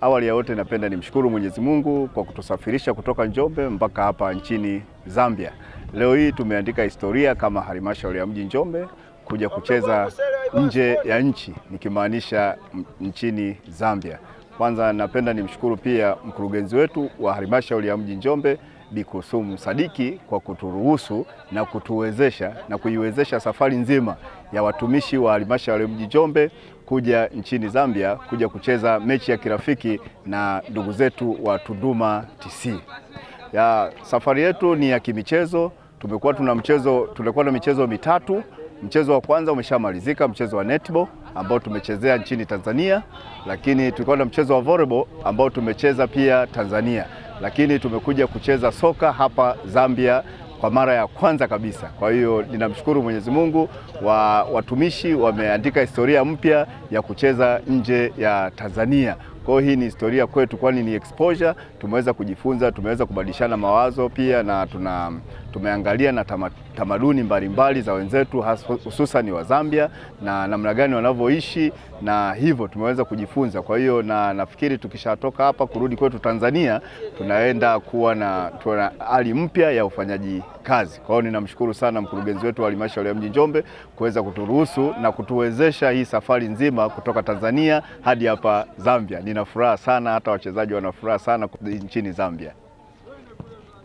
Awali ya yote napenda nimshukuru Mwenyezi Mungu kwa kutusafirisha kutoka Njombe mpaka hapa nchini Zambia. Leo hii tumeandika historia kama halmashauri ya mji Njombe kuja kucheza nje ya nchi nikimaanisha nchini Zambia. Kwanza napenda nimshukuru pia mkurugenzi wetu wa halmashauri ya mji Njombe bikusumu Sadiki kwa kuturuhusu na kutuwezesha na kuiwezesha safari nzima ya watumishi wa halmashauri mji Njombe kuja nchini Zambia kuja kucheza mechi ya kirafiki na ndugu zetu wa Tunduma TC. Ya safari yetu ni ya kimichezo. Tumekuwa tuna mchezo, tulikuwa na michezo mitatu. Mchezo wa kwanza umeshamalizika, mchezo wa netball ambao tumechezea nchini Tanzania, lakini tulikuwa na mchezo wa volleyball ambao tumecheza pia Tanzania, lakini tumekuja kucheza soka hapa Zambia kwa mara ya kwanza kabisa. Kwa hiyo ninamshukuru Mwenyezi Mungu, wa watumishi wameandika historia mpya ya kucheza nje ya Tanzania. Kwa hiyo hii ni historia kwetu, kwani ni exposure. Tumeweza kujifunza, tumeweza kubadilishana mawazo pia na tuna tumeangalia na tamaduni mbalimbali za wenzetu hususan wa Zambia na namna gani wanavyoishi na hivyo tumeweza kujifunza. Kwa hiyo na nafikiri tukishatoka hapa kurudi kwetu Tanzania tunaenda kuwa na tuna hali mpya ya ufanyaji kazi. Kwa hiyo ninamshukuru sana mkurugenzi wetu wa halmashauri ya mji Njombe kuweza kuturuhusu na kutuwezesha hii safari nzima kutoka Tanzania hadi hapa Zambia. Nina furaha sana, hata wachezaji wanafuraha sana nchini Zambia.